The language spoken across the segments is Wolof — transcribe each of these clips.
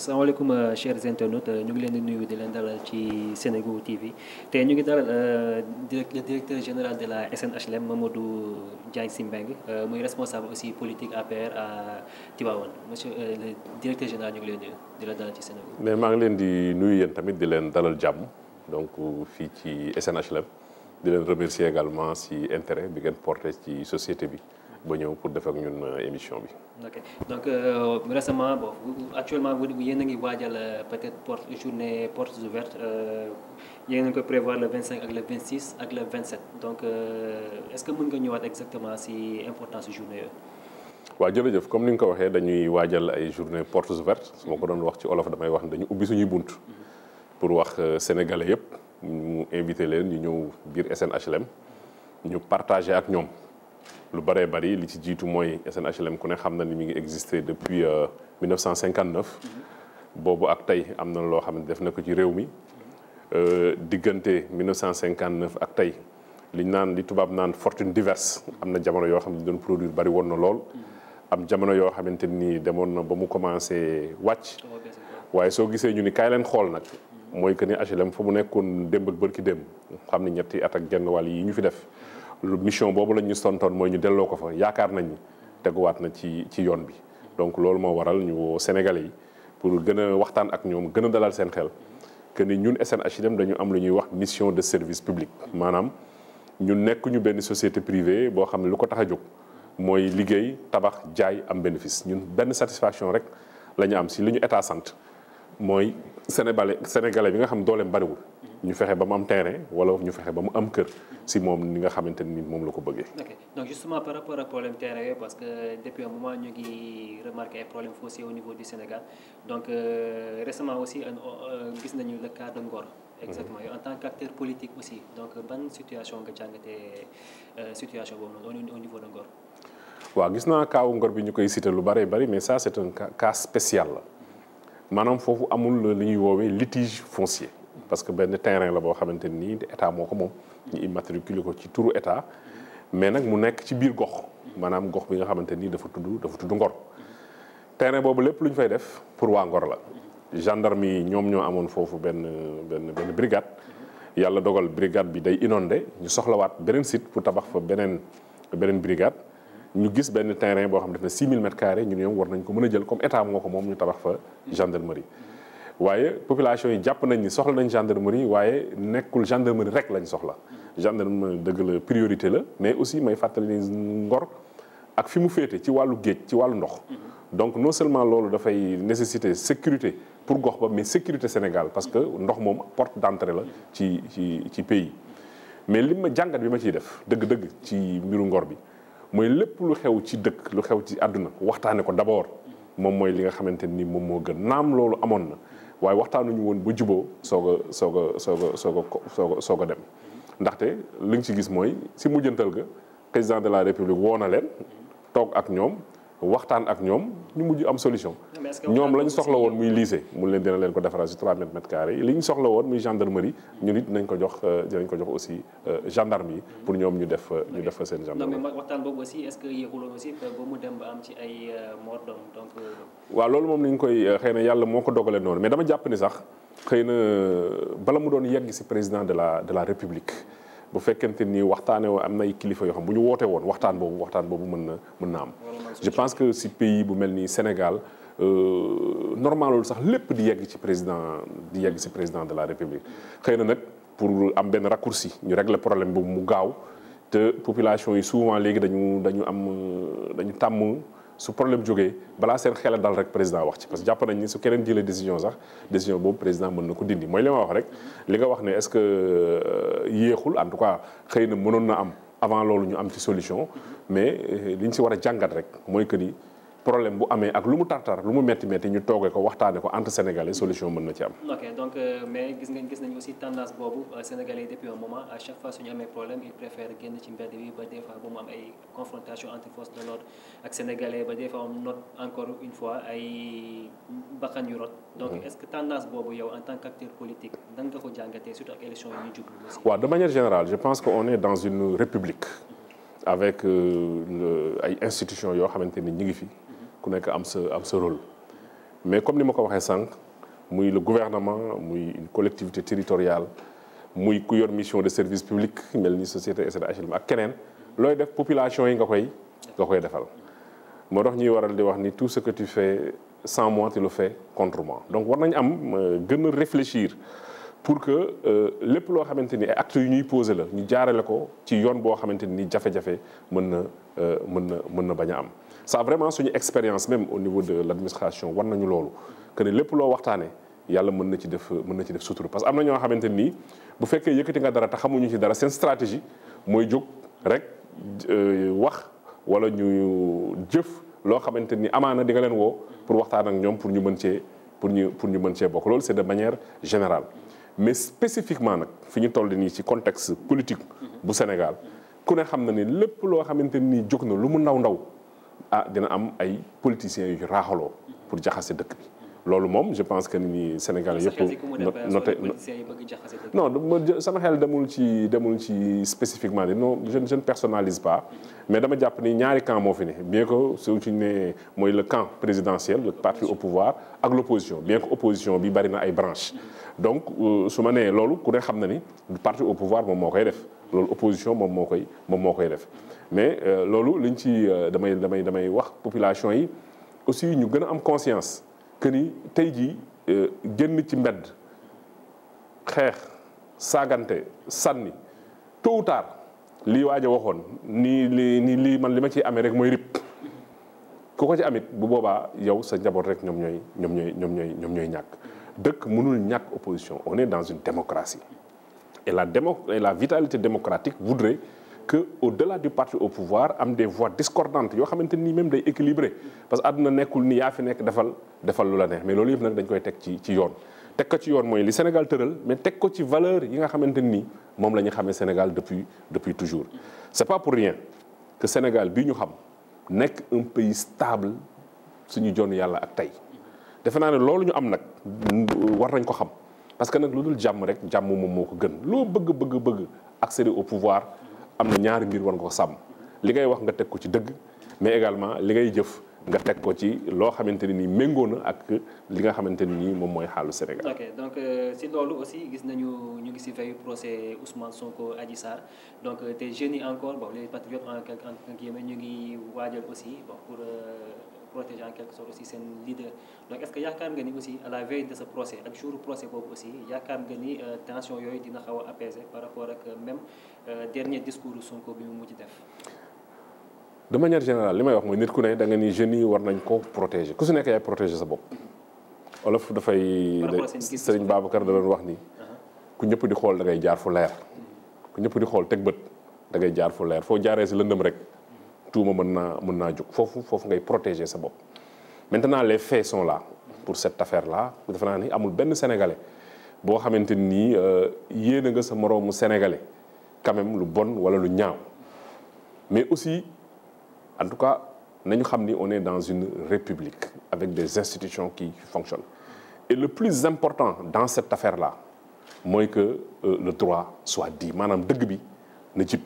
salaamaaleykum euh, chers internautes euh, ñu ngi leen di nuyu di leen dalal ci Senego TV te ñu ngi dalal euh, le directeur général de la SNHLM Mamadou Diagne si Mbengue muy responsable aussi politique APR à Tivaouane monsieur le directeur général ñu ngi leen di la dalal ci Senego. mais maa ngi leen di nuyu yéen tamit di leen dalal jàmm donc fii ci SNHLM di leen remercier également si intérêt bi ngeen porté ci société bi. ba ñëw pour def ak ñun euh, émission bi. ok donc euh, récemment bon actuellement yéen a ngi waajal euh, peut-être porte journée portes ouvertes euh, yéen a ngi ko prévoir le 25 ak le 26 ak le 27 donc euh, est-ce que mën nga ñëwaat exactement si importance journée yooyu. jërëjëf comme ni nga ko waxee dañuy waajal ay journée portes ouvertes su ma ko doon wax ci olof damay wax ne dañu ubbi suñuy bunt. pour wax sénégalais yëpp mu invité leen ñu ñëw biir SNHLM ñu partagé ak ñoom. lu bëree bari li ci jiitu mooy SNHLM ku ne xam na ni mu ngi existé depuis 1959 euh, mm-hmm. boobu ak tey am na loo xam ne def na ko ci réew mi euh, diggante 1959 ak tey li ñu naan li tubaab naan fortune diverse am na jamono yoo xam ne li doon produire bëri woon na lool mm-hmm. am jamono yoo xamante nii demoon na ba mu commencé wàcc waaye soo gisee ñu ni kaay leen xool nag mm-hmm. mooy que ni HLM fa mu nekkoon démb ak bërki démb xam ni ñetti at ak genn yi ñu fi def lu mission boobu lañ ñu santoon mooy ñu delloo ko fa yaakaar nañ teguwaat na ci ci yoon bi donc loolu moo waral ñu woo Sénégalais yi pour gën a waxtaan ak ñoom gën a dalal seen xel que ni ñun SNHLM dañu am lu ñuy wax mission de service public. maanaam ñu nekk ñu benn société privée boo xam ne lu ko tax a jóg mooy liggéey tabax jaay am bénéfice ñun benn satisfaction rek la ñu am si lu ñu état sant mooy sénégalais sénégalais bi nga xam dooleem bariwul. ñu fexe ba mu am terrain wala ñu fexe ba mu am kër si moom ni nga xamante ni moom la ko bëggee. ok donc justement par rapport ak problème terrain parce que depuis un moment ñu ngi remarqué ay problèmes fonciers au niveau du Sénégal donc euh, récemment aussi euh, gis nañu le cas de Ngor. exactement yow en tant qu'acteur politique aussi donc ban situation nga jàngatee euh, situation boobu noonu au niveau de Ngor. waaw gis naa kaawu Ngor bi ñu koy cité lu bëree bëri mais ça c'est un cas spécial la maanaam foofu amul li ñuy woowee litige foncier. parce que benn terrain la boo xamante ni état moo ko moom. ñu immatriculé ko ci turu état. mais nag mu nekk ci biir gox. maanaam gox bi nga xamante ni dafa tudd dafa tudd Ngor. terrain boobu lépp lu ñu fay def pour waa Ngor la. gendarme yi ñoom ñoo amoon foofu benn benn benn brigade. yàlla dogal brigade bi day inondé ñu soxlawaat beneen site pour tabax fa beneen beneen brigade. ñu gis benn terrain boo xam ne def na mètres carrés ñu ne ñoom war nañ ko mën a jël comme état moo ko moom ñu tabax fa gendarmerie. waaye population yi jàpp nañ ni soxla nañ gendarmerie waaye nekkul gendarmerie rek lañ soxla gendarmerie dëgg la priorité la mais aussi may fàttali Ngor ak fi mu féete ci wàllu géej ci wàllu ndox donc non seulement loolu dafay nécessité sécurité pour gox ba mais sécurité Sénégal parce que ndox moom porte d'entrée la ci ci ci pays mais li ma jàngat bi ma ciy def dëgg-dëgg ci mbiru Ngor bi mooy lépp lu xew ci dëkk lu xew ci àdduna waxtaane ko d'abord moom mooy li nga xamante ni moom moo gën naam loolu amoon na waaye waxtaanuñu woon ba juboo soog a soog a soog a soog a soog a dem ndaxte li nga ci gis mooy si mujjantal ga président de la république woo na leen toog ak ñoom waxtaan ak ñoom ñu mujj am solution. ñoom lañ soxla woon muy lycée mu leen dina leen ko defaral si 3 mètres mètres carrés yi li ñu soxla woon muy gendarmerie ñu it dinañ ko jox euh, dinañ ko jox aussi euh, gendarme yi pour ñoom ñu def euh, ñu def seen gendarmerie. non mais waxtaan boobu waaw loolu moom ni ñu koy xëy na yàlla moo ko dogalee noonu mais dama jàpp ni sax xëy na bala mu doon yegg si président de la de la république. bu fekkente ni waxtaanee woon am nay kilifa yoo xam bu ñu wootee woon waxtaan boobu waxtaan boobu mën na mën na am. je pense que si pays bu mel ni Sénégal euh, normalool sax lépp di yegg ci président di yegg si président de la République xëy na nag pour am benn raccourci ñu régler problème boobu mu gaaw te population yi souvent léegi dañu dañu am dañu tàmm. su problème jógee balaa seen xel dal rek président wax ci parce que jàpp nañ ni su keneen jëlee décision sax décision boobu président mën na ko dindi mooy li wax rek li nga wax ne est-ce que euh, yéexul en tout cas xëy na mënoon na am avant loolu ñu am ci solution mais euh, li ñu si war a jàngat rek mooy que ni. problème bu amee ak lu mu tartar lu mu métti métti ñu toogee ko waxtaanee ko entre sénégalais solution mën na ci am. ok donc euh, mais gis nga gis nañu aussi tendance boobu euh, sénégalais depuis un moment à chaque fois suñu amee problème ils préfèrent génn ci mbedd ba des fois mu am ay confrontation entre force de l'ordre ak sénégalais ba des fois on note une fois ay bakkan yu rot. donc mhm. est ce que tendance boobu yow en tant qu'acteur politique nan nga ko jàngatee surtout ak élection yi ñu jublu de manière générale je pense que on est dans une république. Mhm. avec euh, ay institutions yoo xamante ni ñu ngi fi. ku nekk am sa am sa rôle mais comme ni ma ko waxee sànq muy le gouvernement muy une collectivité territoriale muy ku yor mission de service public mel ni société SDHLM ak keneen looy def population yi nga koy nga koy defal moo tax ñuy waral di wax ni tout ce que tu fais sans moi tu le fais contrement donc war nañ am euh, gën a réfléchir pour que euh, lépp loo xamante ni ay actes yu ñuy posé la ñu jaarale ko ci yoon boo xamante ni jafe-jafe mën na euh, mën na mën na bañ am ça vraiment suñu expérience même au niveau de l' administration war nañu loolu que ne lépp loo waxtaanee yàlla mën na ci def mën na ci def sutura parce que am na ñoo xamante nii bu fekkee yëkkati nga dara te xamuñu ci dara seen stratégie mooy jóg rek euh, wax wala ñu jëf loo xamante ni amaana di nga leen woo pour waxtaan ak ñoom pour ñu mën cee pour ñu pour ñu mën cee bokk loolu c' de manière général mais spécifiquement nag fi ñu toll nii ci contexte politique bu Sénégal ku ne xam na ni lépp loo xamante nii jóg na lu mu ndaw ndaw ah dina am ay politiciens yu raaxaloo pour jaxase dëkk bi loolu moom je pense que ni Sénégal yëpp noté non sama xel demul ci demul ci spécifiquement de non je je mm-hmm. mais dama jàpp ni ñaari camp moo fi ne bien que suñu ne mooy le camp présidentiel le ak l'opposition bien que opposition bi bari na ay branches mm-hmm. donc euh, su ma nee loolu ku ne xam na ni parti au pouvoir moom moo koy def loolu opposition moom moo koy moom moo koy def mais euh, loolu liñ ci euh, damay damay damay wax population yi aussi ñu gën a am conscience que ni tey jii euh, génn ci mbedd xeex saagante sànni tôt ou tard lii waaj a waxoon nii lii nii lii man li ma ciy amee rek mooy rip ku ko ci amit bu boobaa yow sa njaboot rek ñoom ñooy ñoom ñooy ñoom ñooy ñoom ñooy ñàkk dëkk mënul ñàkk opposition on est dans une démocratie et la démo et la vitalité démocratique voudrait que au-delà du parti au pouvoir am des voix discordantes yoo xamante ni même day équilibré parce que àdduna nekkul ni yaa fi nekk defal defal lu la neex mais loolu yëpp nag dañ koy teg ci ci yoon teg ko ci yoon mooy li Sénégal tëral mais teg ko ci valeur yi nga xamante nii moom la ñu xamee Sénégal depuis depuis toujours c'est pas pour rien que Sénégal bii ñu xam nekk un pays stable suñu joonu yàlla ak tey defe naa ne loolu ñu am nag war nañ ko xam parce que nag lu dul jàmm rek jàmm moo ko gën loo bëgg bëgg bëgg accéder au pouvoir am na ñaari mbir war nga ko sàmm li ngay wax nga teg ko ci dëgg mais également li ngay jëf nga teg ko ci loo xamante ne nii méngoo ak li nga xamante ne nii moom mooy xaalu Sénégal. ok donc euh, si loolu aussi gis nañu ñu ngi si veille procès Ousmane Sonko Adji Sarr donc te jeunes yi encore bon les patriotes en quelque en quelque yéeme ñu ngi waajal aussi bon euh, seen leader. donc est que yaakaar nga ni aussi à la veille de ce procès ak jour procès boobu aussi yaakaar nga ni euh, tension yooyu dina xaw a par rapport ak même. Euh, dernier discours Sonko bi mu li may wax mooy nit ku ne da nga ni jeunes yi war nañ ko protéger ku su nekk yaay protéger sa bopp. Mhm. olof dafay. Sëriñ Babacar da doon wax ni. Uh-huh. ku ñëpp di xool da ngay jaar fu leer. Mhm. ñëpp di xool teg bët da jaar fu leer foo jaaree si lëndëm rek mhm. tuuma mën naa mën naa jóg foofu foofu ngay protéger sa bopp. maintenant les faits sont pour cette affaire la defe naa ni amul benn sénégalais boo xamante ni euh, yéene nga sa moroomu sénégalais. quand même lu bon wala lu ñaaw mais aussi en tout cas nañu xam ni on est dans une république avec des institutions qui fonctionnent et le plus important dans cette affaire la mooy que euh, le droit soit di maanaam dëgg bi na jib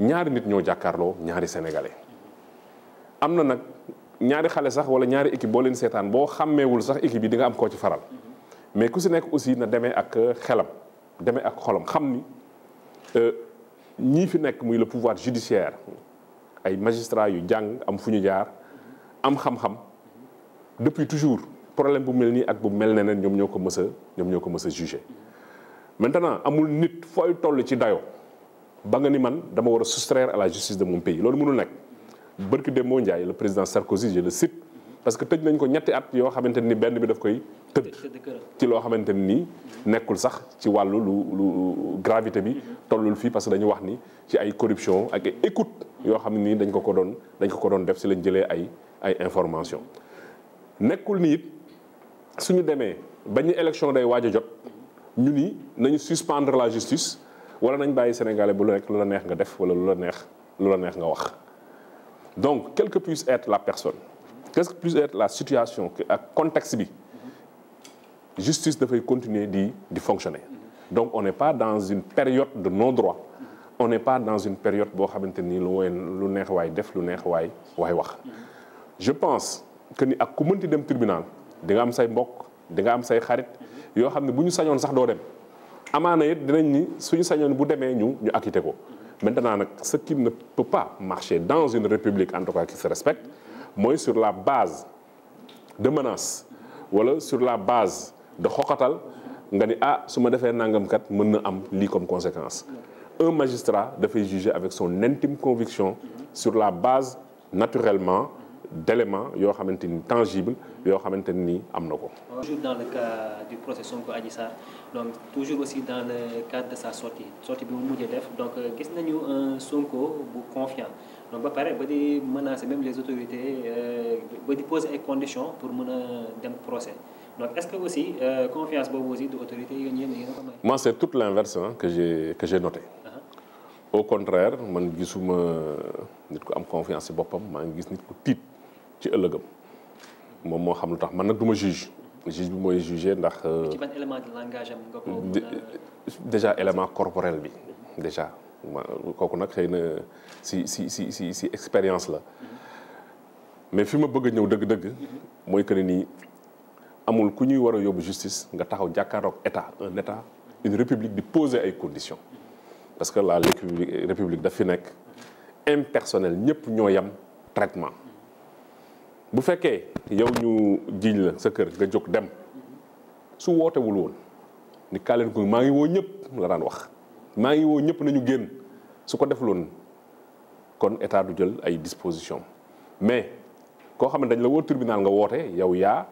ñaari nit ñoo jàkkaarloo ñaari sénégalais am na nag ñaari xale sax wala ñaari équipe boo leen seetaan boo xàmmeewul sax équipe yi di nga am koo ci faral mais ku si nekk aussi na demee ak xelam demee ak xolom xam ni Euh, ñii fi nekk muy le pouvoir judiciaire ay magistrats yu jàng am fu ñu jaar am xam-xam depuis toujours problème bu mel nii ak bu mel ne ne ñoom ñoo ko mës a ñoom ñoo ko mës a jugé maintenant amul nit fooy toll ci dayo ba nga ni man dama war a soustraire à la justice de mon pays loolu mënul nekk bërki de moo Ndiaye le président Sarkozy je le cite parce que tëj nañ ko ñetti at yoo xamante ni benn bi daf koy tëdd ci loo xamante ni nekkul sax ci wàllu lu lu gravité bi tollul fii parce que dañu wax ni ci ay corruption ak ay écoute yoo xam ni dañ ko ko doon dañ ko ko doon def si lañ jëlee ay information nekkul ni it suñu demee bañ ñu élection day waaj jot ñu ni nañu suspendre la justice wala nañ bàyyi sénégalais bu lu nekk lu la neex nga def wala lu la neex lu la neex nga wax donc quelque que puisse la personne quest que plus être la situation ak contexte bi justice dafay continuer di di fonctionner donc on n'est pas dans une période de non-droit on n'est pas dans une période boo xamante ni lu woy lu neex waay def lu neex waay waay wax je pense que ni ak ku mënti dem tribunal di nga am say mbokk di nga am say xarit yoo xam ne bu ñu sañoon sax doo dem amaana it dinañ ni suñu sañoon bu demee ñu ñu acquitté ko maintenant nag ce qui ne peut pas marcher dans une république en tout cas qui se mooy sur la base de menace wala sur la base de xoxatal nga ni ah su ma defee nangam kat mën na am lii comme conséquence un magistrat dafay juger avec son intime conviction sur la base naturellement d'éléments yoo xamante ni tangible yoo xamante ni am na ko. toujours dans le cas du procès Sonko Adji Sarr donc toujours aussi dans le cadre de sa sortie sortie bi mu mujjee def donc euh, gis nañu un Sonko bu confiant donc ba pare ba di menacer même les autorités euh, ba di poser ay conditions pour mën a dem procès donc est-ce que aussi euh, confiance boobu aussi du autorité yéen yéen a ko c'est tout l'inverse hein, que j'ai que noté. Uh-huh. au contraire man gisuma nit ku am confiance boppam maa ngi gis nit ku ci ëllëgam moom moo xam lu tax man nag du ma juge juge bi mooy juger ndax. Euh, ci ban élément déjà élément corporel bi déjà kooku nag xëy na si si si si si expérience la mhm. mais fi ma bëgg ñëw dëgg-dëgg. Mhm. mooy que ne nii amul ku ñuy war a yóbbu justice nga taxaw jàkkaaroog état un état une république di poser ay conditions. Mhm. parce que la république daf fi nekk impersonnel ñëpp ñoo yam traitement. bu fekkee yow ñu jiiñ la sa kër nga jóg dem su wootewul woon ni kaa leen ko maa ngi woo ñëpp la daan wax maa ngi woo ñëpp nañu génn su ko def loon kon état du jël ay disposition mais koo xam ne dañ la woo tribunal nga woote yow yaa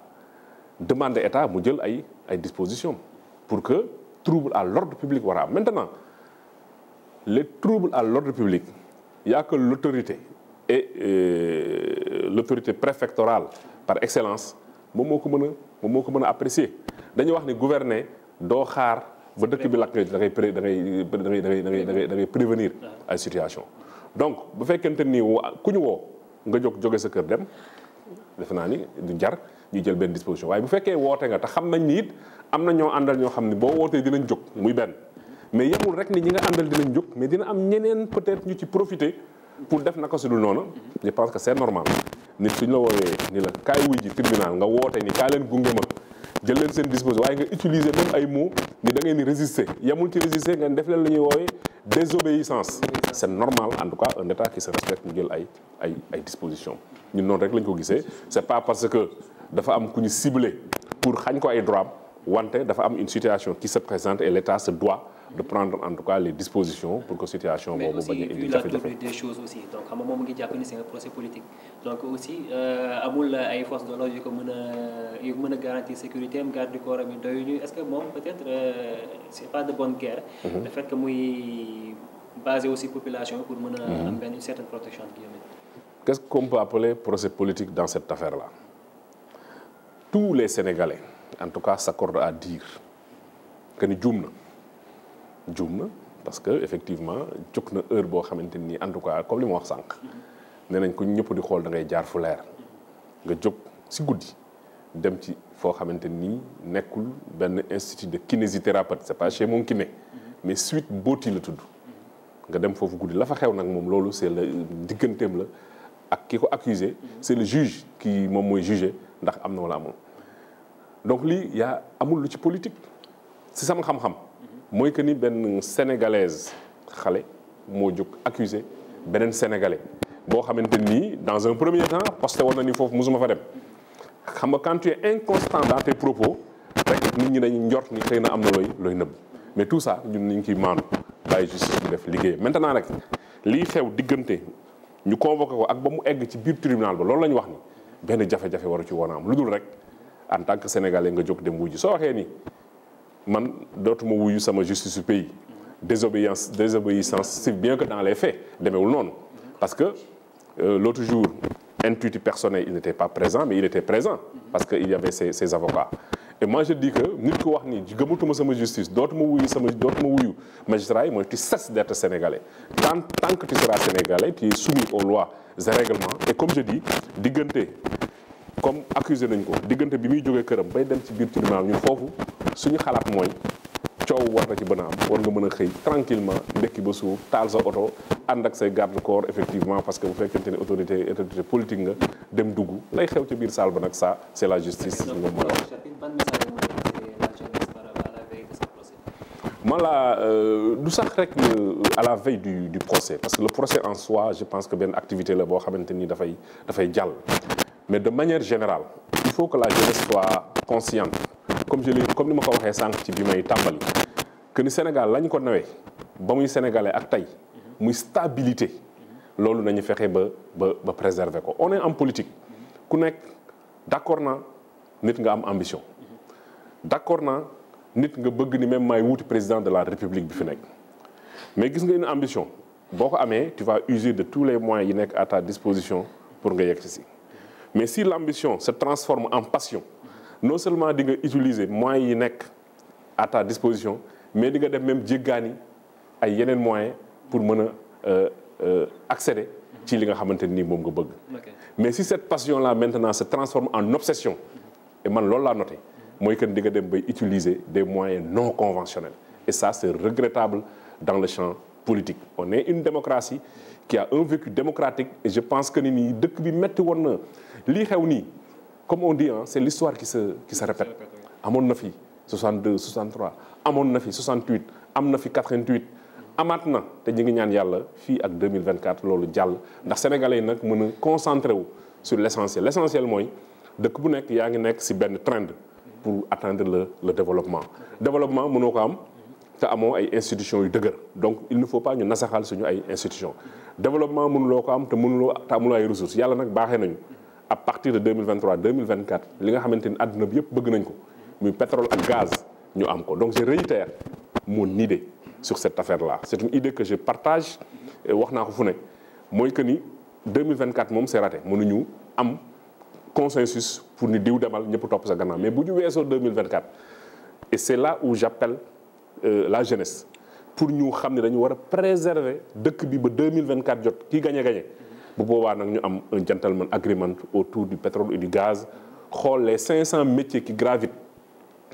demandé état mu jël ay ay disposition pour que trouble à l'ordre public war a am maintenant les troubles à l'ordre public y a l'autorité et euh, l'autorité préfectorale par excellence moom moo ko mën a moom moo ko mën a apprécier dañu wax ni gouverner doo xaar ba dëkk bi lakk da ngay da ngay da ngay da ngay da ngay da prévenir ay situation donc bu fekkente ni ku ñu woo nga jóg jóge sa kër dem defe naa ni du jar ñu jël benn disposition waaye bu fekkee woote nga tax xam nañ ni it am na ñoo àndal ñoo xam ni boo wootee dinañ jóg muy benn mais yemul rek ni ñi nga àndal dinañ jóg mais dina am ñeneen peut-être ñu ci profiter pour def naka su dul noonu je pense que c'est normal nit suñ la woowee ni la kaay wuy ji tribunal nga woote ni kaa leen gunge jël leen seen disposition waaye nga utiliser même ay mots ni da ngeen di résister yamul ci résister ngeen def leen la ñuy woowee désobéissance c'est normal en tout cas un état qui se respecte mu jël ay ay ay dispositions ñun noonu rek lañ ko gisee c'est pas parce que dafa am ku ñu ciblé pour xañ ko ay droits wante dafa am une situation qui se présente et l'État se doit de prendre en tout cas les dispositions pour que situation boobu bañ a indi jafe-jafe mais aussi vu la nga moom ngi procès politique donc aussi euh, amul ay forces de ko mën a mën a garantir sécurité am garde du corps am doyuñu est-ce que moom peut-être euh, c'est pas de bonne guerre. Mm-hmm. le fait que muy basé aussi population pour mën a. Mm-hmm. am benn une certaine protection entre guillemets. qu'est-ce qu'on peut appeler procès politique dans cette affaire-là tous les Sénégalais. en tout cas s'accorde à dire que ni juum na juum na parce que effectivement jóg na heure boo xamante ni en tout cas comme li ma wax sànq nee nañ ko ñëpp di xool da ngay jaar fu leer nga jóg si guddi dem ci foo xamante ni nekkul benn institut de kinésithérapeute c'est pas chez ki kiné mais Sweet Beauty la tudd nga dem foofu guddi la fa xew nag moom loolu c'est la digganteem la ak ki ko accusé c'est le juge qui moom mooy jugé ndax am na wala amul donc lii yaa amul lu ci politique si sama xam-xam mooy que ni benn sénégalaise xale moo jóg accusé beneen sénégalais boo xamante nii dans un premier temps posté woon na ni foofu musuma fa dem xam nga quand inconstant dans tes propos rek nit ñi dañuy njort ni xëy na am na looy looy nëbb mais tout ça ñu ngi ciy maandu bàyyi justice bi def liggéey maintenant rek lii xew diggante ñu convoqué ko ak ba mu egg ci biir tribunal ba loolu la ñu wax ni benn jafe ci woon a am lu dul rek. en tant que sénégalais nga jóg dem wuyu soo waxee nii man dootuma wuyu sama justice su pays désobéissance désobéissance si bien que dans les faits demeewul noonu parce que euh, l'autre jour intuitu personnel il n'était pas présent mais il était présent parce que y avait ses avocats et moi je dis que nit ko wax ni gëmatuma sama justice dootuma wuyu sama dootuma wuyu magistrat yi mooy tu cesses d'être sénégalais tant tant que tu seras sénégalais tu es soumis aux lois et règlements et comme diggante comme accusé nañ ko diggante bi muy jógee këram bay dem ci biir tribunal ñun foofu suñu xalaat mooy coow war na ci ban a am war nga mën a xëy tranquillement ndekki ba suuf taal sa oto ànd ak say garde corps effectivement parce que bu fekkente ni autorité autorité politique nga dem dugg lay xew ca biir saal ba nag sa c' est la justice moom moo wax man la euh, du sax rek euh, à la veille du du procès parce que le procès en soi je pense que benn activité la boo xamante ni dafay dafay jàll mais de manière général il faut que la jeunesse soit consciente comme je l'ai comme ni ma ko waxee sànq ci bi may tàmbali que ni Sénégal lañ ko nawee ba muy sénégalais ak tey muy stabilité loolu nañu fexe ba ba ba préserver ko on est en politique ku nekk d'accord na nit nga am ambition d'accord na nit nga bëgg ni même maay wuti président de la république bi fi nekk mais gis nga une ambition boo ko amee tu vas user de tous les moyens yi nekk à ta disposition pour nga yegg si mais si l'ambition se transforme en passion non seulement di nga utiliser moyens yi nekk à ta disposition mais di nga dem même jéggaani ay yeneen moyens pour mën a euh, euh, accéder ci li nga xamante ni moom nga bëgg. mais si cette passion la maintenant se transforme en obsession et man loolu laa noté mooy que di nga dem bay utiliser des moyens non conventionnels et ça c'est regrettable dans le champ politique. on est une démocratie qui a un vécu démocratique et je pense que ni nii dëkk bi metti na. lii xew nii comme on dit ah c' est l'histoire qui se qui amoon na fi 62 63 amoon na fi 68 am na fi 88 amaat na te ñu ngi ñaan yàlla fii ak 2024 loolu jàll ndax sénégalais yi nag mën a concentré wu sur l' essentiel l' mooy dëkk bu nekk yaa ngi nekk si benn trend pour attendre la le développement développement mënoo ko am te amoo ay institutions yu dëgër donc il ne faut pas ñu nasaxal suñu ay institutions développement mënuloo ko am te mënuloo te amuloo yàlla nag baaxee nañu à partir de 2023 2024 li nga xamante ni àdduna bi bëgg nañ ko muy pétrole ak gaz ñu am ko donc je réitère mon idée sur cette affaire là c'est une idée que je partage wax naa ko fu ne mooy que ni 2024 moom c'est raté mënuñu am consensus pour ni diw demal ñëpp topp sa gannaaw mais bu ñu weesoo 2024 et c'est là où j'appelle euh, la jeunesse pour ñu xam ne dañu war a préserver dëkk bi ba 2024 jot kii gañe gañe bu boobaa nag ñu am un gentleman agreement autour du pétrole et du gaz xool les 500 métiers qui gravitent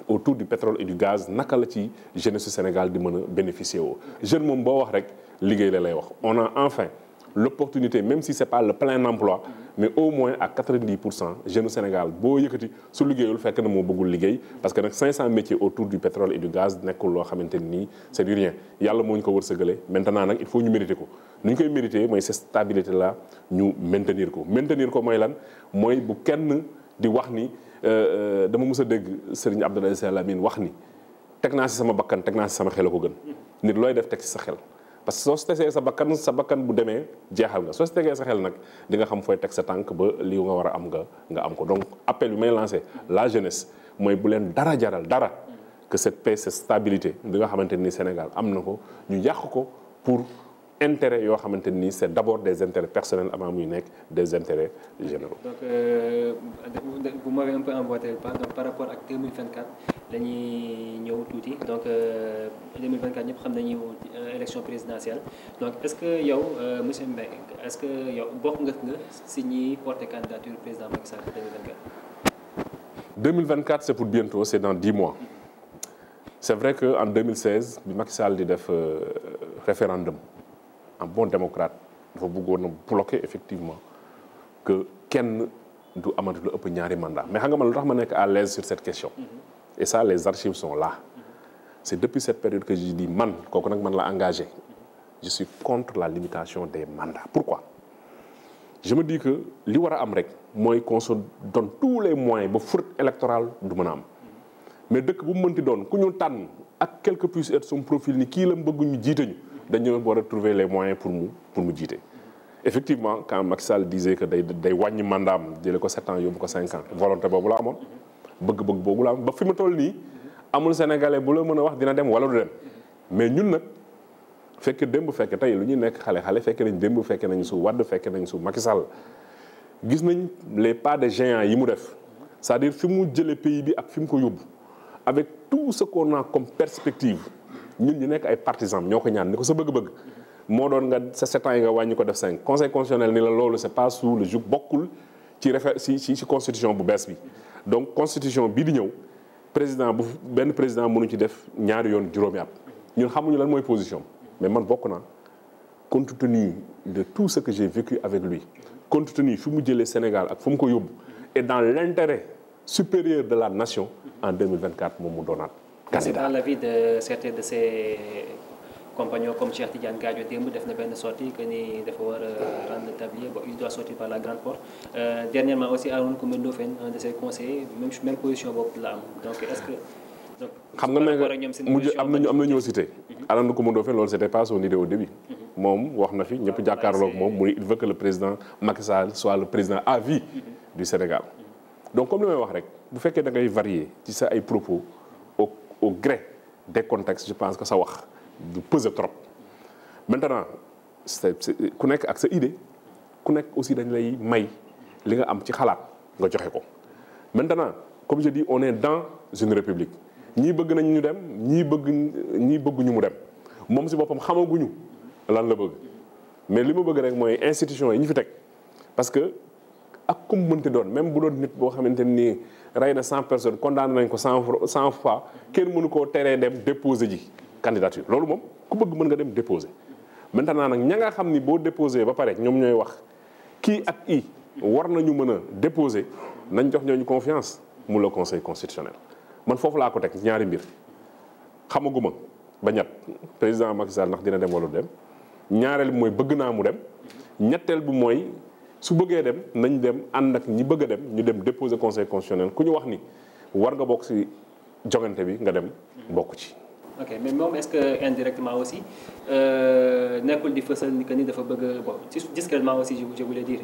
autour du pétrole et du gaz naka la ci jeunesse su Sénégal di mën a bénéficier woo jeune moom boo wax rek liggéey la lay wax on a enfin l'opportunité même si c'est pas le plein emploi mais au moins à 90 pour cent jeune Sénégal boo yëkkati su liggéeyul fekk na moo bëggul liggéey parce que nag 500 métiers autour du pétrole et du gaz nekkul loo xamante nii c'est rien yàlla moo ñu ko wërsëgale maintenant nag il faut ñu mériter ko nu ñu koy mériter mooy cette stabilité là ñu maintenir ko maintenir ko mooy lan mooy bu kenn di wax ni euh, euh, dama mës a dégg Serigne Abdoulaye Sy Al Amine wax ni teg sama bakkan teg sama xel a ko gën nit looy def teg si sa xel parce que soo tesee sa bakkan sa bakkan bu demee jeexal nga soo tegee sa xel nag di nga xam fooy teg sa tànk ba lii nga war a am nga nga am ko donc appel bi may lancé la jeunesse mooy bu leen dara jaral dara que cette paix cette stabilité bi nga xamante ni Sénégal am na ko ñu yàq ko pour intérêt yoo xamante nii c'est d'abord des intérêts personnels avant muy nekk des intérêts généraux. donc bu euh, ma un peu emboîté le par rapport ak 2024 dañuy ñëw tuuti donc 2024 euh, ñëpp xam nañu élection présidentielle donc est-ce que yow euh, monsieur Mbengue est-ce que yow bokk nga nga si ñi porter candidature président Macky Sall 2024. 2024 c'est pour bientôt c'est dans dix mois. c'est vrai que en 2016 bi Macky Sall di def référendum. en bon démocrate dafa bëggoon a bloquer effectivement que kenn du amatu lu ëpp ñaari mandat mais xam nga man lu tax ma nekk à l'aise sur cette question mm-hmm. et ça les archives son là mm-hmm. c'est depuis cette période que je dis man kooku nag man la engagé je suis contre la limitation des mandats pourquoi je me di que li war a am rek mooy qu'on se donne tous les moyens ba fraude électorale du mën a am mm-hmm. mais dëkk bu mu mënti doon ku ñu tànn ak quelque puisse être son profil ni kii la mu bëgg ñu jiite dañu war a trouver les moyens pour mu pour mu jiite. effectivement quand Macky Sall ko day day wàññi mandaam jëlee ko sept ans yóbbu ko cinq ans volonté boobu la amoon bëgg-bëgg boobu la am ba fi mu toll nii amul sénégalais bu la mën a wax dina dem wala du dem mais ñun nag fekk démb fekk tey lu ñuy nekk xale-xale fekk nañ démb fekk nañ su Wade fekk nañ su Macky Sall gis nañ les pas de géants yi mu def c'est-à-dire fi mu jëlee pays bi ak fi mu ko yóbbu avec tout ce qu'on comme perspective ñun ñu nekk ay partisans ñoo ko ñaan ni ko sa bëgg-bëgg moo doon nga sa sept yi nga wàññi ko def cinq conseil constitutionnel ni la loolu c'est pas sous le joug bokkul ci refe ci ci ci constitution bu bees bi donc constitution bii di ñëw président bu benn président mënu ci def ñaari yoon juróomi at ñun xamuñu lan mooy position mais man bokk naa compte tenu de tout ce que j'ai vécu avec lui compte tenu mu jëlee Sénégal ak fu mu ko yóbbu et dans l'intérêt supérieur de la nation en 2024 moom mu doonaat kasida dans la vie de certains de ses compagnons comme Cheikh def na benn sortie que ni dafa war a tablier bon il doit sortir par la grande porte euh, dernièrement aussi Arouna Coumba Ndoffène un de ses conseillers même position boobu la am donc est-ce que. xam nga nag mujj am nañu am nañoo cité. Mhm. Arouna Coumba Ndoffène loolu c'était pas son idée au début. Mhm. moom wax na fi jàkkaar ah, jàkkaarloog moom mu ne il veut que le président Macky Sall soit le président à mhm. du Sénégal donc comme li may wax rek bu fekkee da varier ci sa ay propos. au gré de contextes je pense que sa wax du pese trop maintenant c'est ku nekk ak sa idée ku nekk aussi dañ lay may li nga am ci xalaat nga joxe ko maintenant comme je dis on est dans une république ñii bëgg nañ ñu dem ñii bëgg ñii bëgguñu mu dem moom si boppam xamaguñu lan la bëgg mais li ma bëgg rek mooy institution yi ñu fi teg parce que ak kum mënti doon même bu doon nit boo xamante nii rey na cent personne condamné nañ ko cent cent fois kenn mënu koo teree dem déposer ji candidature loolu moom ku bëgg mën nga dem déposer maintenant nag ña nga xam ni boo déposé ba pare ñoom ñooy wax kii ak i war nañu mën a déposer nañ jox ñooñu confiance mu la conseil constitutionnel man foofu laa ko teg ñaari mbir xamaguma ba ñett président Macky ndax dina dem wala dem ñaareel bi mooy bëgg naa mu dem ñetteel bi mooy su bëggee dem nañu dem ànd ak ñi bëgg dem ñu dem déposer conseil constitutionnel ku ñu wax ni war nga bokk ci jogante bi nga dem bokk ci. ok mais moom est-ce que indirectement aussi euh, nekkul di fësal ni que ni dafa bëgg a bokk ci discrètement aussi je voulais dire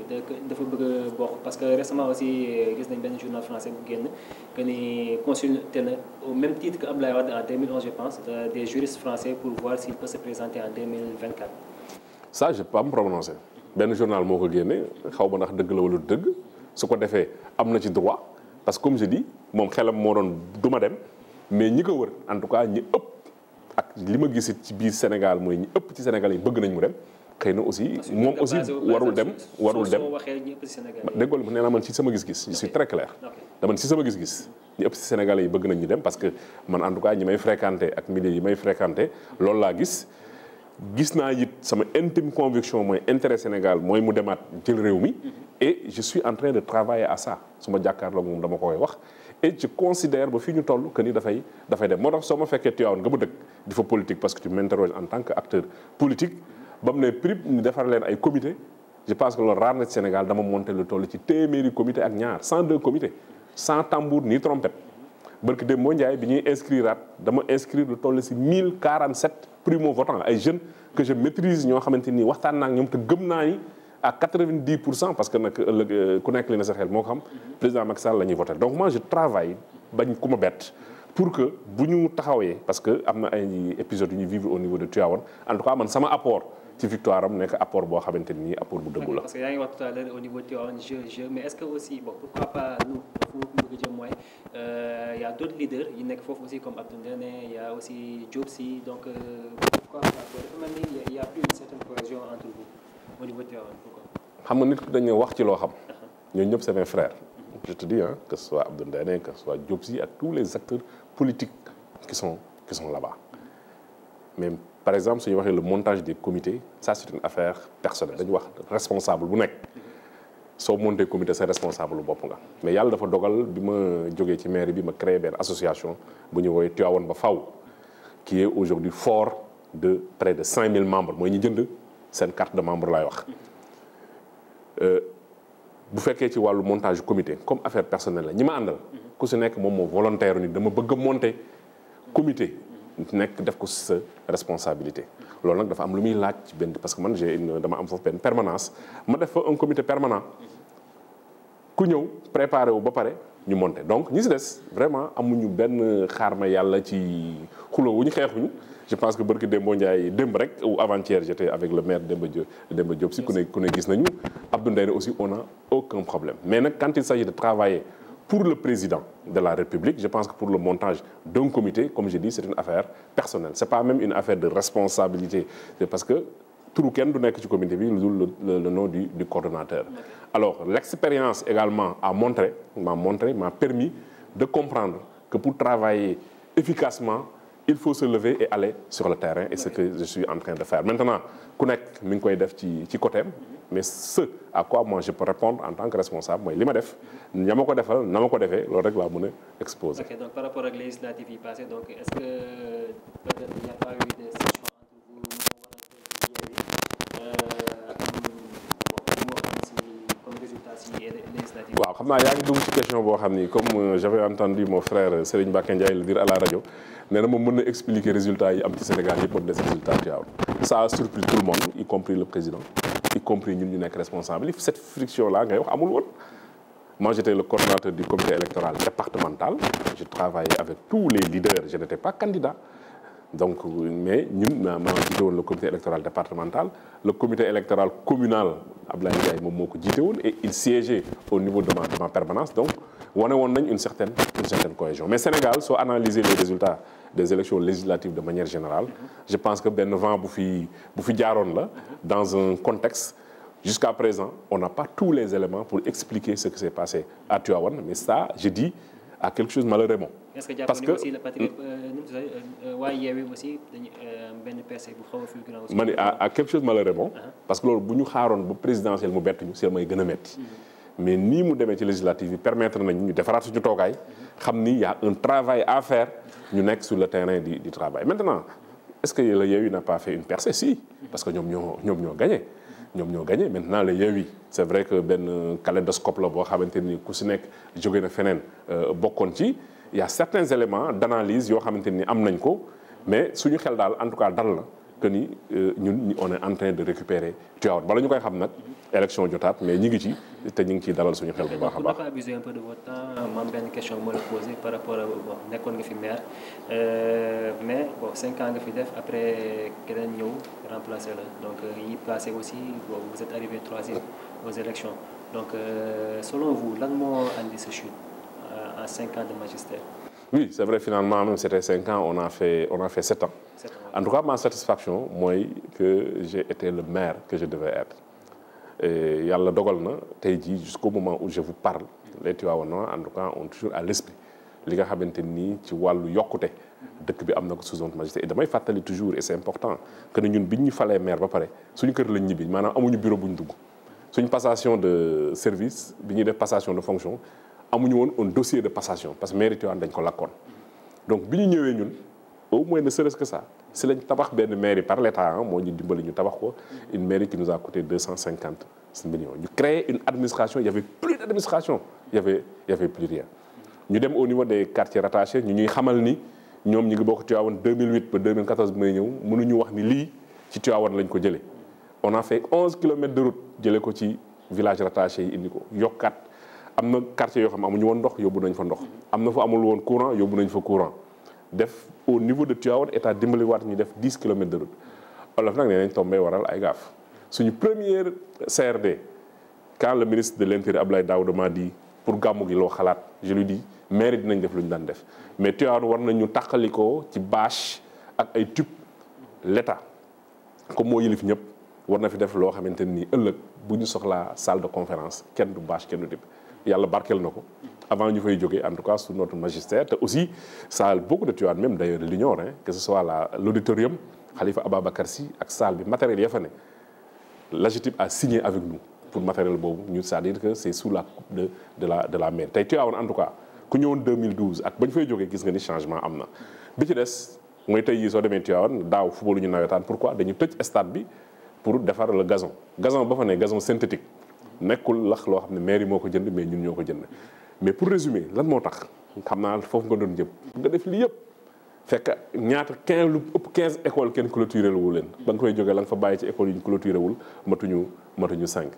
dafa bëgg bokk parce que récemment aussi euh, gis nañ benn journal français bu génn que ni te na au même titre que Abdoulaye Wade en 2011 je pense euh, des juristes français pour voir s'il peut se présenter en ça je peux prononcer. benn journal moo ko génne xaw ma ndax dëgg la wala dëgg su ko defee am na ci droit parce que comme je dis moom xelam moo doon du ma dem mais ñi ko wër en tout cas ñi ëpp ak li ma gisit ci biir Sénégal mooy ñi ëpp ci Sénégal yi bëgg nañ mu dem xëy na aussi moom aussi warul dem warul dem déggoo ma nee naa man ci sama gis-gis je suis très clair dama ci sama gis-gis ñu ëpp ci yi bëgg nañ ñu dem parce que man en tout cas ñi may fréquenté ak milieu yi may fréquenté loolu laa gis gis naa it sama intime conviction mooy intérêt Sénégal mooy mu demaat jël réew mi et je suis en train de travailler à ça su ma jàkkaarloo moom dama koy wax et je considère ba fii ñu toll que ni dafay dafay dem moo tax soo ma fekkee Tivaouane nga ma dëkk di fa politique parce que tu m'interroges en tant que acteur politique ba mu ne prip ñu defar leen ay comité je pense que loolu raar na Sénégal dama monte lu toll ci téeméeri comité ak ñaar cent 102 comité sans tambour ni trompette barki démb bi ñuy inscriraat dama inscrire lu toll si 1047 primo votants ay jeunes que je maîtrise ñoo xamante ni waxtaan naa ñoom te gëm naa ni à 90 pour cent parce que nag ëllëg euh, ku nekk leen na sa xel moo xam président Macky Sall la ñuy voté donc moi je travaille bañ ku ma bett pour que bu ñu taxawee parce que am na ay épisodes yu ñu vivre au niveau de Tivaouane en tout cas man sama apport ci victoire am nekk apport boo xamante ni apport bu dëggu la. parce que yaa ngi wax tout à l'heure au niveau Tivaouane jeu jeu mais est-ce que aussi bon pourquoi pas nous fu mu bëgg jëm mooy y a d'autres leaders yi nekk foofu aussi comme Abdou Ndene y a aussi Diop Sy donc euh, pourquoi pas dafa mel ni y a plus une certaine cohésion entre vous au niveau Tivaouane pourquoi. xam nga nit dañuy wax ci loo xam. Uh-huh. ñooñu ñëpp c'est mes frères. Uh-huh. je te dis hein que ce soit Abdou Ndene que ce soit Diop Sy ak tous les acteurs politiques qui sont qui sont là-bas uh-huh. même. par exemple suñu waxee le montage des comités ça c' est une affaire personnelle dañu wax responsable bu nekk soo monté comité sa responsable lu bopp nga. mais yàlla dafa dogal bi ma jógee ci mairie bi ma créé benn association bu ñu woowee Tivaouane ba faw qui est aujourd'hui fort de près de 5000 membres mooy ñu jënd seen carte de membre laay wax. Euh, bu fekkee ci wàllu montage comité comme affaire personnelle la ñi ma àndal. ku si nekk moom moo volontaire ni dama bëgg a monter nekk def ko sa responsabilité loolu nag dafa am lu muy laaj ci benn parce que man j'ai une dama am foofu benn permanence ma def fa un comité permanent ku ñëw préparé wu ba pare ñu monte donc ñi si des vraiment amuñu benn xaar ma yàlla ci xuloo wuñu xeexuñu je pense que barki Dembo Ndiaye démb rek ou avant-hier avec le maire Demba Diop Demba Diop si ku ne ku ne gis nañu Abdou Ndeye aussi on a aucun problème mais nag quand il s'agit de travailler pour le président de la République, je pense que pour le montage d'un comité, comme j'ai dit, c'est une affaire personnelle. Ce n'est pas même une affaire de responsabilité. C'est parce que tout le monde du comité, le, nom du, du l'expérience également à montré, m'a montré, m'a permis de comprendre que pour travailler efficacement, il faut se lever et aller sur le terrain. Et c'est ce que je suis en train de faire. Maintenant, Kounek, Minkoy Def, côté. mais ce à quoi moi je peux répondre en tant que responsable mooy li ma def ña ma ko defal nama ko defee loolu rek laa mën a exposer. ok donc par rapport ak législative yi passé a pas eu des euh, waaw xam naa yaa ngi ci question boo xam ni comme euh, j'avais entendu mon frère euh, Serigne Mbacké Ndiaye le dire à la rajo nee na moom mën na expliquer résultats yi am ci Sénégal yëpp am des résultats ci ça a surpris tout le monde y compris le président. y compris ñun ñu nekk responsable yi cette friction là ngay wax amul woon moi j'étais le coordonnateur du comité électoral départemental je travaillais avec tous les leaders je n'étais pas candidat donc mais ñun maanaam jiite woon le comité électoral départemental le comité électoral communal Ablaye Ndiaye moom moo ko jiite woon et il siégeait au niveau de ma de permanence donc wane woon nañ une certaine une certaine cohésion mais Sénégal soo analyser les résultats des élections législatives de manière générale je pense que benn vent bu fi bu fi jaaroon la dans un contexte jusqu'à présent on n'a pas tous les éléments pour expliquer ce qui s'est passé à Tivaouane mais ça je dis à quelque chose malheureusement. parce que euh, euh, euh, ma ni à quelque chose malheureusement. Uh-huh. parce que loolu bu ñu xaaroon ba présidentiel mu bett ñu si may gën a metti mm-hmm. mais nii mu demee ci législative yi permettre nañu ñu defaraat suñu toogaay. Mm-hmm. xam ni y' a un travail à mm-hmm. ñu nekk sur le terrain du du travail maintenant est-ce que la Yewwi n'a pas fait une percée si parce que ñoom ñoo ñoom ñoo gagné. ñoom ñoo gagné maintenant la Yewwi c'est vrai que benn kaléidoscope la boo xamante ni ku si nekk jóge na feneen euh, bokkoon ci il y a certains éléments d'analyse yoo xamante ni am nañ ko mais suñu xel daal en tout cas dal na que ni euh, ñun on est en train de récupérer Tivaouane bala ñu koy xam nag élection jotaat mais ñi ngi ci te ñi ngi ci dalal suñu xel bu baax a baax. abuser un peu de votre temps euh, ma am benn question ma la posé par rapport à bon nekkoon nga fi maire euh, mais bon cinq ans nga fi def après keneen ñëw remplacer la donc yi passé aussi bon vous êtes arrivé troisième aux élections donc selon vous lan moo andi sa chute en cinq ans de magistère. oui c'est vrai finalement même c'était cinq ans on a fait En tout cas, ma satisfaction, moi, que j'ai été le maire que je devais être. Et Yalla Dogolna, dit jusqu'au moment où je vous parle, les Tuawana, en tout on ont toujours à l'esprit. Les gars, tu ci wàllu yokkute dëkk bi am na ko sous zone majesté et damay fàttali toujours et c'est important que ñun biñ ñu falee maire ba pare suñu kër lañ ñibbi maanaam amuñu bu ñu dugg suñu passation de service bi ñuy def passation de fonction amuñu woon un dossier de passation parce que mairie Tivaouane dañ ko lakkoon au moins ne serait-ce que ça si lañ tabax benn mairie par l'État moo ñu dimbali ñu tabax ko une mairie qui nous a coûté deux ñu créé une administration il y plus d'administration il y avait il y avait plus rien ñu dem au niveau des quartiers rattachés ñu ñuy xamal ni ñoom ñu ngi bokk Tivaouane 2008 ba 2014 may ñëw mënuñu wax ni lii ci Tivaouane lañ ko jëlee on a fait onze kilomètres de route jëlee ko ci village rattaché yi indi ko yokkaat am na quartier yoo xam amuñu woon ndox yóbbu nañ fa ndox am na fa amul woon courant yóbbu nañ fa courant def au niveau de Tivaouane état dimbali ñu def 10 kilomètres de route olof nag nee nañ tombé waral ay gaaf suñu première CRD quand le ministre de l'intérieur ab Daouda m'a dit pour gàmmu gi loo xalaat je lui dis mairie dinañ def lu ñu daan def mais Tivaouane war nañu tàqalikoo ci bâche ak ay tube l'état comme moo yilif ñëpp war na fi def loo xamante ni ëllëg bu ñu soxlaa salle de conférence kenn du bâche kenn du tube yàlla barkeel na ko avant ñu fay jógee en tout cas sous notre magistère te aussi salle beaucoup de Tivaouane même d'ailleurs l'Union hein que ce soit la l'auditorium Khalifa Ababacar Sy ak salle bi matériel ya fa ne l'AGETIP a signé avec nous pour matériel boobu ñu c'est-à-dire que c'est sous la coupe de la de la main tey Tivaouane en tout cas ku ñëwoon 2012 ak ba ñu fay jógee gis nga ni changement am na bi ci des mooy tey jii soo demee Tivaouane daaw football ñu nawetaan pourquoi dañu tëj stade bi pour defar le gazon gazon ba fa ne gazon synthétique nekkul lax loo xam ne mairie moo ko jënd mais ñun ñoo ko jënd mais pour résumer lan moo tax xam naa foofu nga doon jëpp nga def lii yëpp fekk ñaata quinze lu ëpp école kenn clôturé wu leen ba nga koy jógee la nga fa bàyyi ci école yu ñu wul matuñu matuñu cinq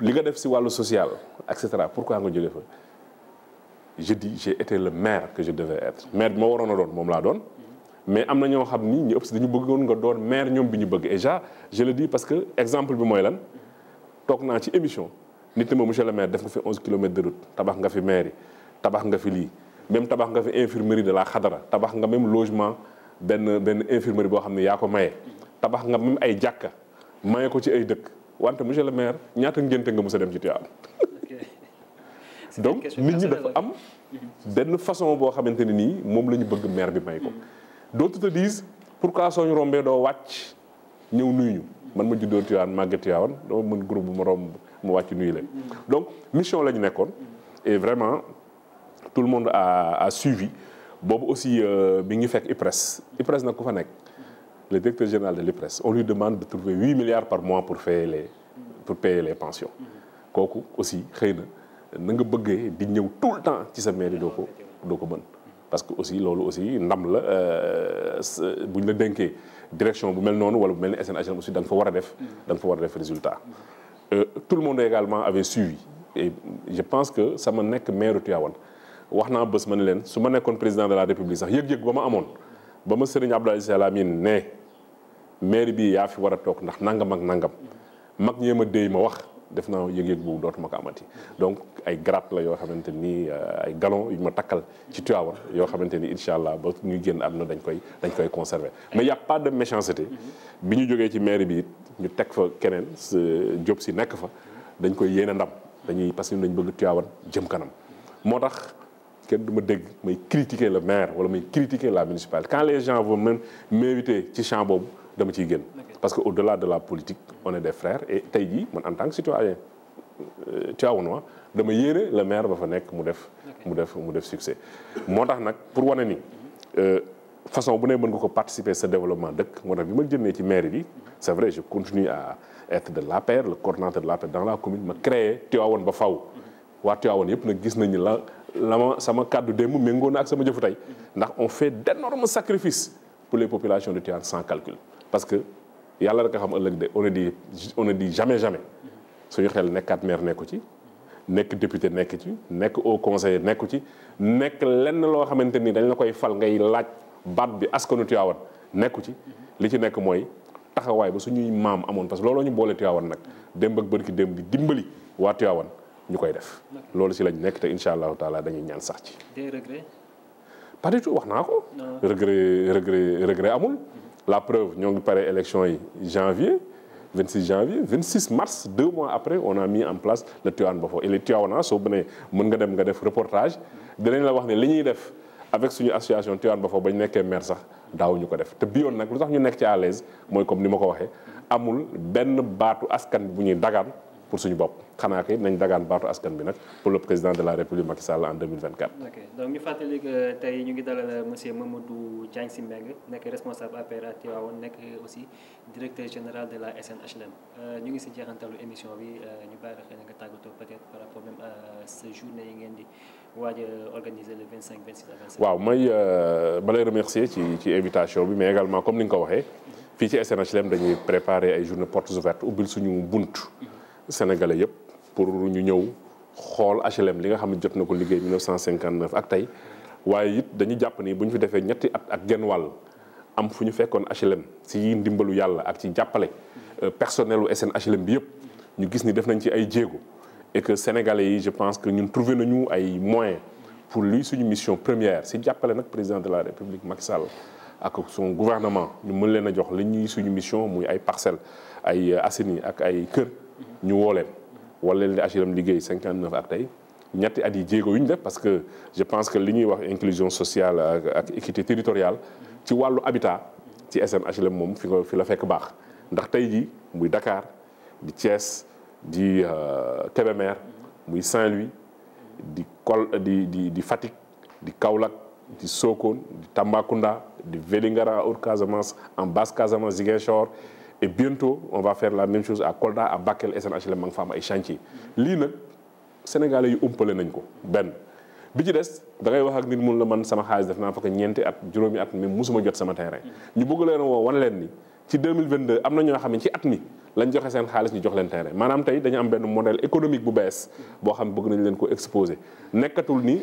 li nga def si wàllu social et cetera pourquoi nga jóge fa je dis j'ai été le maire que je devais être maire bi ma waroon a doon moom laa doon mais am na ñoo xam ni ñu ëpp si dañu bëggoon nga doon maire ñoom bi ñu bëgg déjà je le dis parce que exemple bi mooy lan toog naa ci émission nit ni ma monsieur le maire def nga fi 11 kilomètres de nga fi mairie tabax nga fi lii même tabax fi infirmerie de la xadara tabax nga même logement benn benn infirmerie boo xam ne yaa ko maye tabax même ay jàkka maye ko ci ay dëkk wante monsieur le maire ñaata ngénte nga mës a dem ci Tivaouane donc nit ñi dafa am benn façon boo xamante ne nii moom la ñu bëgg maire bi may ko doo te disent pourquoi soo ñu rombee doo wàcc ñëw nuyu ñu man ma juddoo Tivaouane màgge Tivaouane dama mën groupe bu ma romb mu wàcc nuyu leen donc mission la ñu nekkoon et vraiment tout le monde a a suivi boobu aussi euh, mi ngi fekk IPRES IPRES nag ku fa nekk le directeur général de l'IPRES on lui demande de trouver par mois pour payer les pour payer les pensions kooku aussi xëy na na nga bëggee di ñëw tout le temps ci sa mairie doo ko doo ko mën parce que aussi loolu aussi ndam la euh, bu ñu la dénkee direction bu mel noonu wala bu mel ni SNHLM aussi da nga fa war a def da nga fa war a def résultat Euh, tout le monde également avait suivi je pense que sama nekk maire Tivaouane wax naa bés ma ne leen su ma nekkoon président de la république sax yëg-yëg ba ma amoon ba ma Serigne Abdoulaye Sy Al Amine ne maire bi yaa fi war a toog ndax nangam ak nangam mag ñee ma déy ma wax def naa yëg-yëg boobu dootuma ko amati donc ay grade la yoo xamante ni euh, ay galon yu ma takkal ci Tivaouane yoo xamante ni incha allah ba ñuy génn àdduna dañ koy dañ koy conserver mais y' a pas mm-hmm. bi ñu jógee ci maire bi ñu teg fa keneen Diop si nekk fa dañ koy yéene ndam dañuy parce que ñu dañ bëgg Tiwaawan jëm kanam moo tax kenn du ma dégg may critiquer le maire wala may critiquer la municipalité quand les gens vont même m'inviter ci champ boobu dama ciy génn parce que au-delà de la politique on est des frères et tey jii man en tant que citoyen euh, Tivaouanois dama yéene le maire ba fa nekk mu def mu def mu def succès moo tax nag pour wane ni euh, façon bu ne mën nga ko participer sa développement dëkk moo tax bi ma jëndee ci mairie bi c' est vrai je continue à être de l'APR le coordonnateur de l'APR dans la commune ma créé Tivaouane ba faw waa Tivaouane yëpp na gis nañu la la ma sama kàddu démb méngoo na ak sama jëfu tey ndax on fait d'énormes sacrifices pour les populations de Tivaouane sans calcul parce que yàlla rek a xam ëllëg de on on ne dit jamais jamais ñu xel nekkaat maire nekku ci nekk député nekk ci nekk au conseiller nekku ci nekk lenn loo xamante ni dañ la koy fal ngay laaj baat bi askanu Tiwaawan nekku ci li ci nekk mooy taxawaay ba suñuy maam amoon parce que looloo ñu boole Tiwaawan nag démb ak bërki démb di dimbali waa Tiwaawan ñu koy def loolu si lañ nekk te incha allahu taala dañuy ñaan sax ci. des regrets. pas du tout wax naa ko. regret regret regret amul. la preuve ñoo ngi pare élection yi janvier 26 janvier 26 mars deux mois après on a mis en place le Tivaouane Bofo et le Tivaouane soo bënee mën nga dem nga def reportage dinañ la wax ne li ñuy def. avec suñu association Tivaouane ba foofu ba ñu nekkee maire sax daawuñu ko def te bi yoon nag lu sax ñu nekk ci à l'aise mooy comme ni ma ko waxee amul benn baatu askan bu ñuy dagaan pour suñu bopp xanaa kay nañ dagaan baatu askan bi nag pour le président de la république Macky Sall en 2024. ok donc ñu fàttali que tey ñu ngi dalal monsieur Mamadou Diagne si Mbengue nekk responsable APR à Tivaouane nekk aussi directeur général de la SNHLM euh, ñu ngi si jeexantalu émission bi euh, ñu bàyyi la nga tàggatoo peut-être par rapport même à ces yi ngeen di waaj a organiser le 25 cinq à 27. waaw may euh, ma lay remercier ci ci invitation bi mais également comme ni nga ko waxee. Mhm. fii ci SNHLM dañuy préparer ay journées portes ouvertes ubbil suñu bunt. Mhm. sénégalais yëpp pour ñu ñëw xool HLM li nga xam ne jot na ko liggéey 1959 ak tey waaye it dañu jàpp ni bu ñu fi defee ñetti at ak genn wàll am fu ñu fekkoon HLM si ndimbalu yàlla ak ci jàppale euh, personnel u SNHLM bi yëpp ñu gis ni def nañ ci ay jéego et que sénégalais yi je pense que ñun trouver nañu ay moyens pour luy suñu mission première si jàppale nag président de la république Macky Sall ak son gouvernement ñu mën leen a jox li ñuy suñu mission muy ay parcelles ay euh, assainies ak ay kër ñu woo leen wala leen di HLM liggéey 59 ak tey ñetti at yi jéego yu ñu def parce que je pense que li ñuy wax inclusion sociale ak équité territoriale ci wàllu habitat ci SN HLM moom fi nga fi la fekk baax ndax tey ji muy dakaar di Thiès di euh, Kébémer muy saint di Kol di di di Fatick di Kaolack di Sokone di Tambacounda di Vélingara Haute Casamance en Basse Casamance Ziguinchor et bientôt on va faire la même chose à Kolda a Bakel SNHLM ma nga fa am ay chantier lii nag sénégalais yu umpale nañ ko benn bi ci des da ngay wax ak nit mun la man sama xaalis def naa fa ñeenti at juróomi at même musuma jot sama terrain ñu bëgg leen woo wane leen ni ci 2022 am na ñoo xam ne ci at mi lañ joxe seen xaalis ñu jox leen terrain maanaam tey dañu am benn modèle économique bu bees boo xam bëgg nañ leen ko exposer nekkatul ni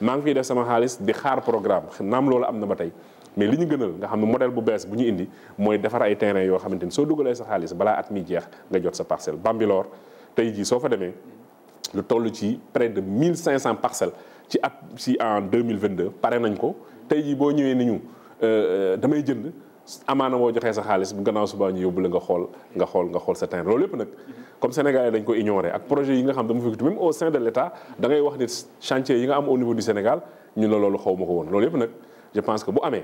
maa ngi fiy def sama xaalis di xaar programme naam loolu am na ba tey mais li ñu gënal nga xam ne modèle bu bees bu ñu indi mooy defar ay terrain yoo xamante ni soo dugalee sa xaalis balaa at mi jeex nga jot sa parcelle Bambilor tey ji soo fa demee lu toll ci près de 1500 parcelles ci at ci en 2022 pare nañ ko tey jii boo ñëwee ni ñu euh, euh, damay jënd amaana boo joxee sa xaalis bu gannaaw subaa ñu yóbbu la nga xool nga xool nga xool sa terrain loolu yëpp nag comme Sénégalais dañ ko ignoré ak projet yi nga xam dama fi même au sein de l'État da ngay wax ni chantier Sénégal ñu la loolu xaw ma ko woon loolu yëpp nag je pense que bu amee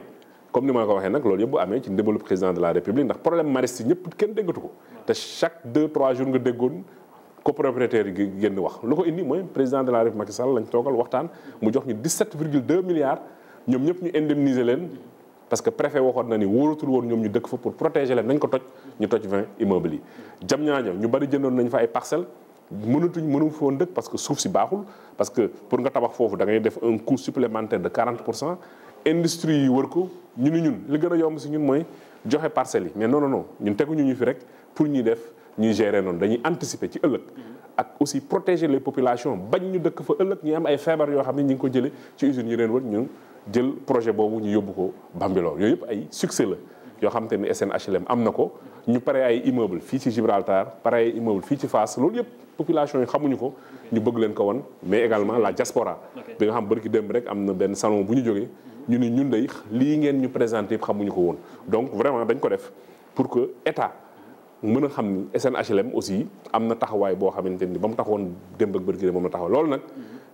comme ni ma ko waxee nag loolu yëpp bu amee ci ndimbalu président de la république ndax problème mariste ñëpp kenn déggatu ko te chaque trois jours nga déggoon copropriétaire yi génn wax lu ko indi mooy président de la république Macky Sall lañ toogal waxtaan mu jox ñu 17 virgule 2 milliards ñoom ñëpp ñu indemniser leen parce que préfet waxoon na ni wóoratul woon ñoom ñu dëkk fa pour protéger leen nañ ko toj ñu toj 20 immeubles yi jam ñaaño ñu bari jëndoon nañ fa ay parcelles mënatuñ mënu foon dëkk parce que suuf si baaxul parce que pour nga tabax foofu da def un coût supplémentaire de 40 pour industrie yi wër ko ñu ni ñun li gën a yomb si ñun mooy joxe parcelles yi mais non non ñun teguñu ñu fi rek pour ñuy def ñuy gérer noonu dañuy anticiper ci ëllëg. ak aussi protéger les populations bañ ñu dëkk fa ëllëg ñu am ay feebar yoo xam ne ñu ngi ko jëlee ci usines yi leen wër ñu jël projet boobu ñu yóbbu ko Bambilor yooyu yëpp ay succès la. yoo xam te ni SNHLM am na ko ñu pare ay immeuble fii ci Gibraltar pare ay immeuble fii ci Fass loolu yëpp population yi xamuñu ko ñu bëgg leen ko won mais également la diaspora bi nga xam bërki démb rek am na benn salon bu ñu jógee ñu ne ñun day lii ngeen ñu présenté xamuñu ko woon donc vraiment dañ ko def pour que état mën a xam ni SNHLM aussi am na taxawaay boo xamante ni ba mu taxawoon démb ak bërki moom la taxaw lool nag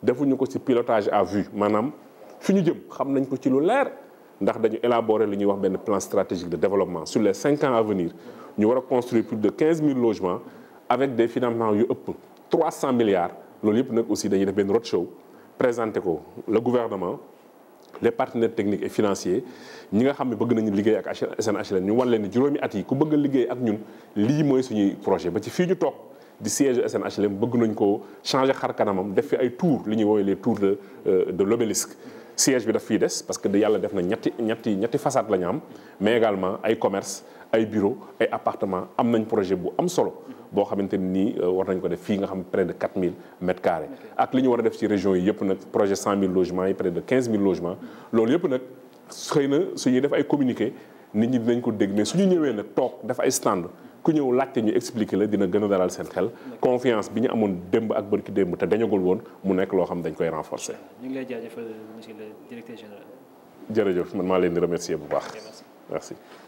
defuñu ko ci pilotage à vue maanaam fi ñu jëm xam nañ ko ci lu leer ndax dañu élaborer lu ñuy wax benn plan stratégique de développement sur les cinq ans à venir ñu war a construire plus de quinze mille logements avec des financements yu ëpp trois cent milliards loolu yëpp nag aussi dañuy def benn roadshow présenté ko le gouvernement les partenaires technique et financiers ñi nga xam ne bëgg nañu liggéey ak SN ñu wan leen ni juróomi at yi ku bëgg a liggéey ak ñun lii mooy suñuy projet ba ci fii ñu toog di siège SN bëgg nañ ko changer xar kanamam def fi ay tours li ñuy woowee les tours de euh, de l'obélisque siège bi daf fii des parce que yàlla def na ñetti ñetti ñetti façade la ñu am mais également ay commerce ay bureau ay appartement am nañ projet bu am solo boo xamante ne nii euh, war nañ ko def fii nga xam près de 4000 mètres carrés ak li ñu war a def ci région yi yëpp nag projet 100000 logements yi près de 15000 logements loolu yëpp nag xëy na suñuy def ay communiqué nit ñi dinañ ko dégg su ñu ñëwee nag toog def ay stand ku ñëw laajte ñu expliquer la dina gën a dalal seen xel confiance bi ñu amoon démb ak bërki démb te dañagul woon mu nekk loo xam dañ koy renforcer. ñu ngi lay jaajëfal monsieur le directeur général. jërëjëf man maa leen di remercier bu baax merci.